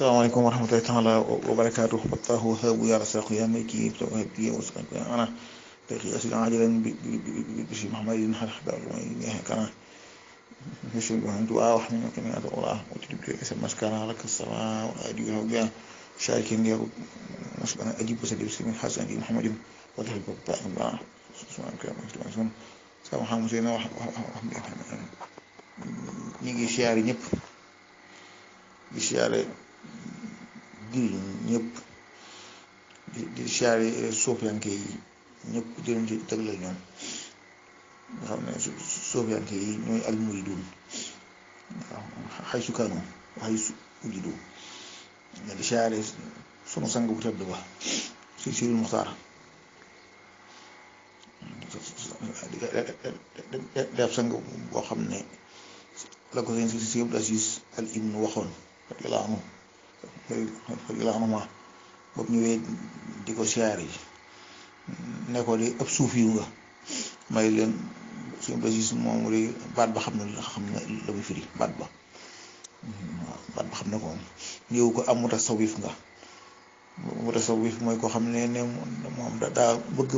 السلام عليكم ورحمة الله تعالى وبركاته بطاه هو يا رساق يا ميكي بتوهبي وسكن أنا تقي أسير عاجلا بشي محمد حرق بالرمين يا كنا بشي بهم دعاء وحنا يمكن أن الله وتجيب اسم مسكرة لك الصلاة وأدي وجا شاكين يا مش أنا أجيب بس أجيب سيدنا حسن أجيب محمد وده البطاء الله سبحان كلام سبحان سبحان محمد زينا وحمد نيجي شعري نب بشعري di ñëpp di di siyaare soofiyanke yi ñëpp di leen ci tëggal ñoom nga xam ne soofiyanke yi ñooy almuridun waaw xay su kaanu xay su ujidu nga di siyaare sunu sang bu tedd ba si Sëriñ Muxtaar def sang boo xam ne la ko seen si si yëpp al ibnu waxoon radiyallaahu anhu radiyallaahu anhumaa boobu ñëwee di ko siyaare ji ne ko ab suuf yu nga may leen suñu basis moom de baat ba xam ne xam ne la muy firi baat ba waaw baat ba xam ne ko ko am mutasawwif nga mutasawwif mooy ko xam ne ne moom daa bëgg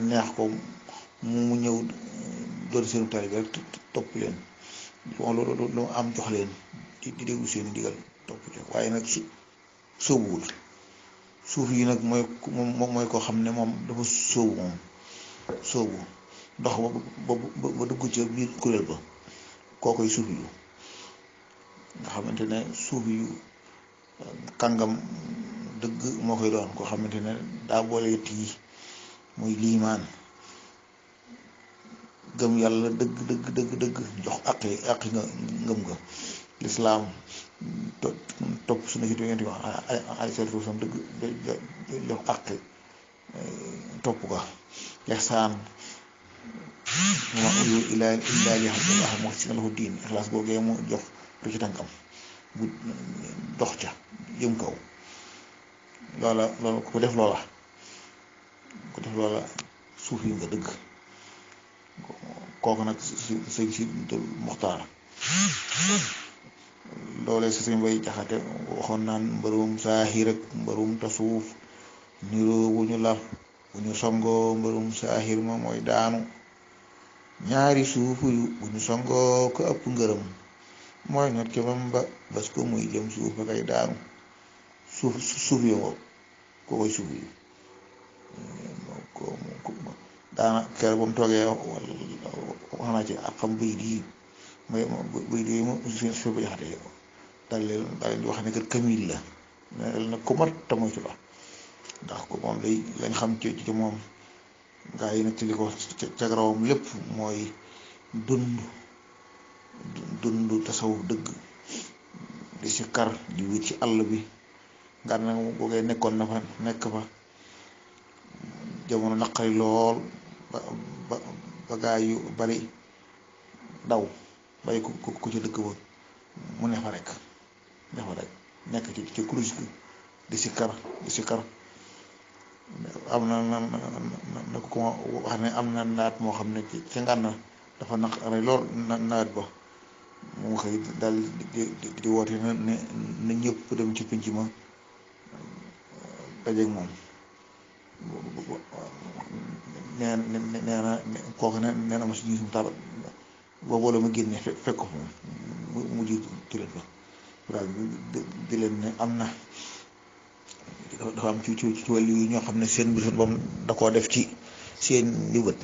neex ko mu ñëw doon seenu taalibe rek topp leen bon loolu lu am jox leen di di déglu seen i digal topp ci waaye nag si suuf yi nag mooy mooy koo xam ne moom dafa sóobu moom soobu dox ba ba ba dugg ca biir kuréel ba kookoy suuf yu nga xamante ne suuf yu kàngam dëgg moo koy doon koo xamante ne daa boole mooy liimaan gëm yàlla dëgg dëgg dëgg dëgg jox àq yi nga ngëm nga lislaam topp su na si yonent bi aleyhi salaatu wa salaam dëgg jox àq eh, topp ga ihsaan mu jox rek ci tànkam dox ca jëm kaw loola loolu ku def loola ku def loola suuf nga dëgg kooku nag si si dul muxtaar loolee sa sëñ bay jaxate waxoon naan mbërum saahir ak mbërum tasuuf niro bu ñu lal bu ñu songoo mbërum saahir ma mooy daanu ñaari suufu yu bu ñu songoo ko ëpp ngërëm mooy ñot ci mam ba bas ko muy jëm suuf ba kay daanu suuf suuf yoo ko koy suuf yi daana keer bu mu toogee wax naa ci ak xam buy dii mooy buy dii mu suñ suñ bu jaxatee dal leen dal leen di wax ne kër kamil la mais dal na ku mat te moy ci ba lah. ndax ko moom day lañ xam ci ci moom gaa yi ci li ko ca garawam lépp dund dund tasaw dëgg di ci kar di wit ci àll bi ngaan nag bu ngee nekkoon na fa nekk fa jamono naqari lool ba ba ba bari daw bàyyi ku ku ci dëkk ba mu ne fa rek ne rek nekk ci ci kurus gi di si kar di si kar am na na na ne am na naat moo xam ne ci ngan na dafa naq rey lool na nawet ba mu xëy daal di di woote na ne na dem ci pinc ma dajeeg moom. nee na nee na kooku nee na ma si jiitu mu taabal boo boole ma génne fekk ko mu mu jiitu turist ba daal di leen ne am na dafa am ci ci ci wàllu ñoo xam ne seen mbir suñu boppam da koo def ci seen yëbët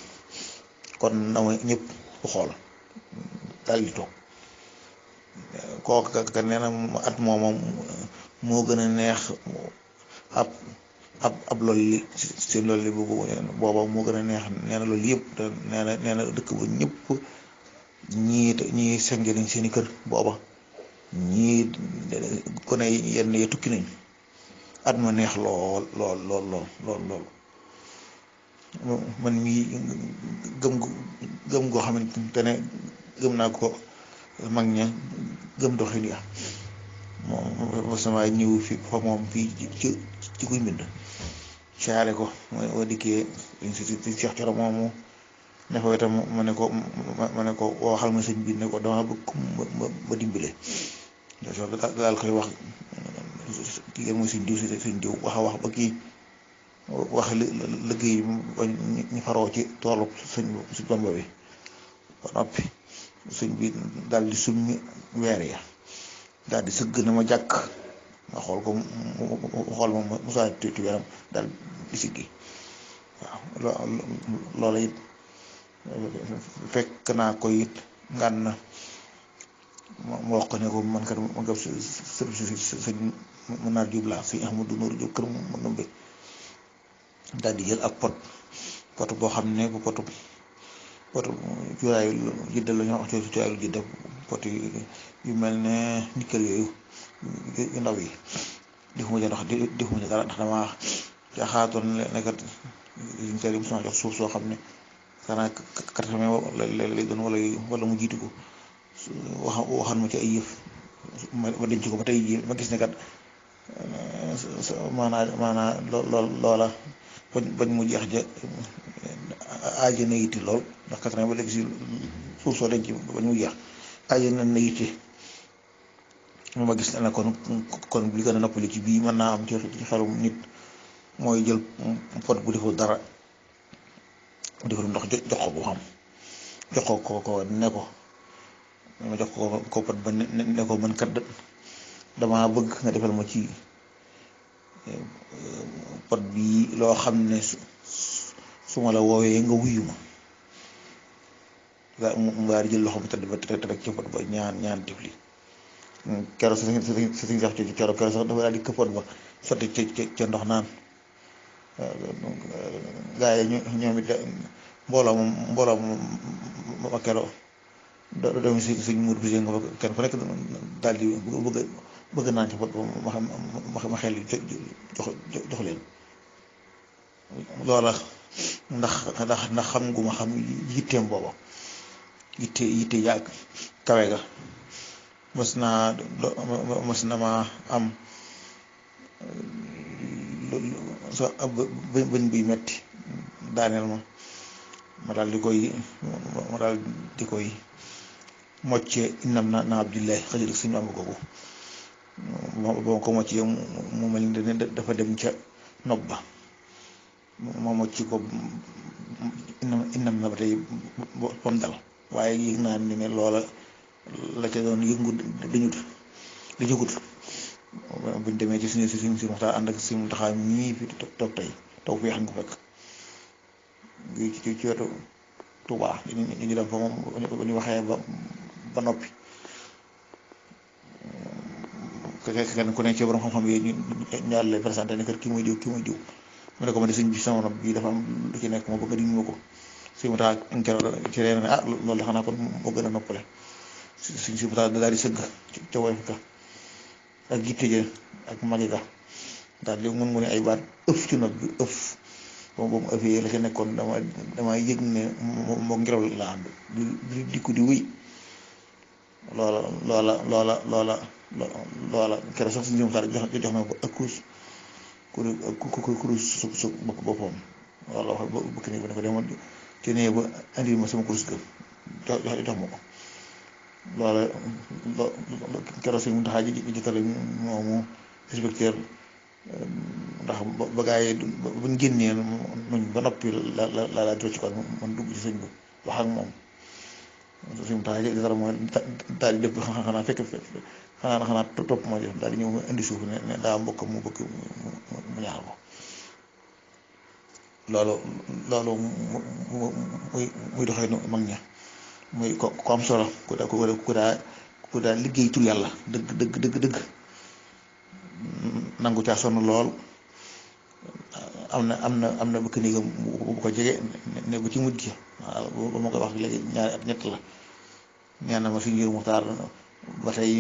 kon na ma ñëpp xool daal di toog kooku nee na at moom moo gën a neex ab ab lool li seen lool li boobu booba moo gën a neex nee na loolu yëpp da nee nee dëkk ba ñëpp ñii ñii sange nañ seen i kër booba ñii ku ne yenn ya tukki nañ at ma neex lool lool lool lool lool lool man mii gëm goo xamante ne gëm naa ko mag ña gëm doxin ya moom sama ñëw fi fa moom fii ci ci kuy mbind caale ko mooy o liggéey institut cheikh cioro moomu ne fa itam ma ko ma ne ko waxal ma sëñ bi ne ko dama bëgg ma dimbale daal koy wax ki nga mooy sëñ diw sëñ diw waxa wax ba kii wax liggéey ñu faroo ci toolu sëñ si bamba bi noppi sëñ bi daal di sumi weer ya daal di sëgg na ma jàkk nga xool ko mu xool mu saa tuuti yaram daal di siggi waaw loola it fekk naa ko it ngan na mu wax ko ne ko man kat man kat sëñ mën naa jub laa sëñ Ahmadu Nuur Jóob kër mu di jël ak pot pot boo xam ne bu potu pot cuuraayu jidda la ñoo xam cuuraayu jidda pot yu mel ne nikkal yooyu yu ndaw yi defuma ci ndox defuma ci dara jox suuf soo xam ne xanaa quatre-vingts lay doon wala wala mu jiitu ko wax waxan ma ci ay yëf ma denc ko ba tey jii ma gis ne kat maanaa maanaa loola bañ mu jeex ja aajana yiti lool ndax quatre-vingt ba léegi si suuf soo denc ba ñu jeex ay yéen na yitte ma gis ne kon kon li gën a noppali ci bii mën naa am ci xelum nit mooy jël pot bu deful dara deful ndox jox ko bu xam jox ko ko ko ne ko ma jox ko ko pot ba ne damaa bëgg nga defal ma ci eh, pot bii loo xam ne su ma la woowee nga wuyu ma nga mu daal di jël loxo bi ci pot ba ñaan ñaan tifli mm, keroog si si si si sax ci keroog keroog ca ndox naan gaa yi ñoom it mbooloo mbooloo moom ma keroog doo dem si suñ bëgg bëgg naan ci ma xam ma xam ma loola ndax ndax ndax xam gu ma xam yitteem booba. yite yite ya kawega musna musnama am so bin bi metti daniel ma ma dal di koy ma dal di koy mocce innam na na abdullah khadir sin am gogo bon ko mocce mo mel ne dafa dem ci nobba mo mocce ko innam innam na bay bom dal waaye yëg naa ni ne loola la ca doon yëngu duñu di jugut buñ demee ci suñu si suñ si waxtaan ànd si mu taxaw ñii fi toog tey taw feex nga fekk ci wetu Tuubaa ñu ñu dem fa moom bu ñu waxee ba ba noppi kenn ku nekk ci borom xam-xam yi ñu ñaar lay présenté ne kër kii mooy diw kii mooy diw mu ne ko ma ne suñ sama nopp bii dafa am lu ci nekk ma bëgg diñ ma ko suñu mataak inkar ci leen ne ah loolu xanaa kon moo gën a noppale suñ suñu mataak daal di sëgg ca woyof ka ak gitte ja ak magi ga daal di mun mu ne ay baat ëf ci nopp bi ëf moom boobu ëf yi la ca nekkoon dama dama yëg ne moo ngelaw la ànd di dikku di wuy loola loola loola loola loola keroog sax suñu mataak jox jox na ko ak kuus kuréel kuréel su su boppam loolu wax bëgg ni ko ne ko demoon kene bu andi ma sama kurs ga da da mo la la kero sing ndax ji ji tale momu inspecteur ndax ba gaay bu ngénné ñu ba nopi la la do ci ko man dugg ci señ bu wax ak mom do sing ji dara mo dal def xana fekk fekk xana xana top mo def dal ñu andi suuf ne da mbokk mu bëgg mu ñaar ko loolu loolu mu muy muy doxee nu mag ña muy ko ku am solo ku daa ku daa ku daa liggéey tur yàlla dëgg dëgg dëgg dëgg nangu caa sonn lool am na am na am na bëkk néegam bu ko jege ne bu ci mujj waaw ba ma koy wax léegi ñaari na ma suñu yër muxtaar ba tey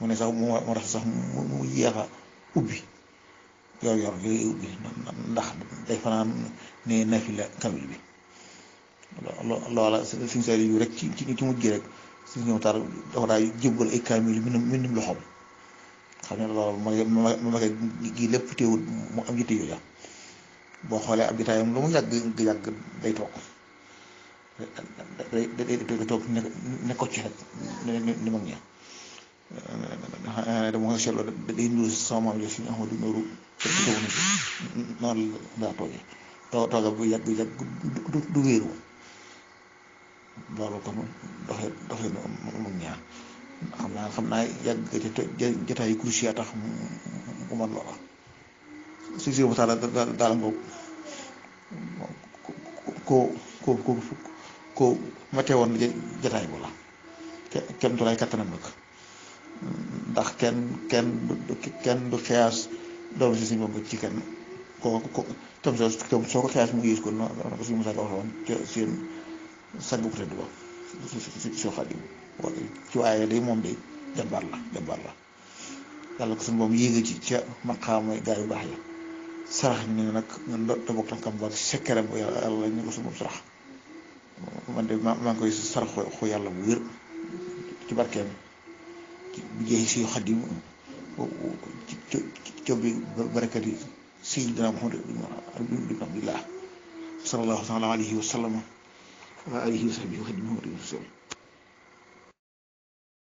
ma sax mu mu yeexa ubbi yor-yor yooyu ubbi ndax day fanaan ne nafila kamil bi loola suñ sa yu rek ci ci ci mujj rek suñ ñëw tar dafa daay jébbal ay kamil mu mbindum loxoom xam ne loolu ma ma gi lépp teewul mu am yitte yooya boo xoolee ab jitaayam lu mu yàgg yàgg day toog day day ne ne ko ci rek ni mag ña dama ko seetloo day nuyu sama maam yi suñu Ahmadu Nooru dugg na ci noonu bu yàgg bu yàgg du wéeru loolu kon doxee doxee mu ñaar xam naa xam naa yàgg jotaayu kurus yaa tax mu man loola si si waxtaan daal daal ngoog ko ko ko ma teewoon jotaay bu la kenn tolluwaay kattanam nag ndax kenn kenn du kenn doom si suñu boobu ci kenn koo ko tam soo soo ko xees mu gis ko noonu am na ko suñu musaa ko waxoon ci seen sag bu tëdd ba soo xadim wala ci waaye day moom day jàmbaar la jàmbaar la yàlla ko suñu boobu yéega ci ca maqaama gaa yu baax ya sarax ñu ne nag ñun da bokk tànkam ba sekkeram bu yàlla yàlla ñu ko suñu boobu sarax man de maa ngi koy saraxu yàlla bu wér ci barkeem bi jeexi si xadim cobi barakati sayyidina Muhammad ibn Abdillah sallallahu taala alayhi wa sallam wa alihi wa sahbihi wa xadimihi wa sallam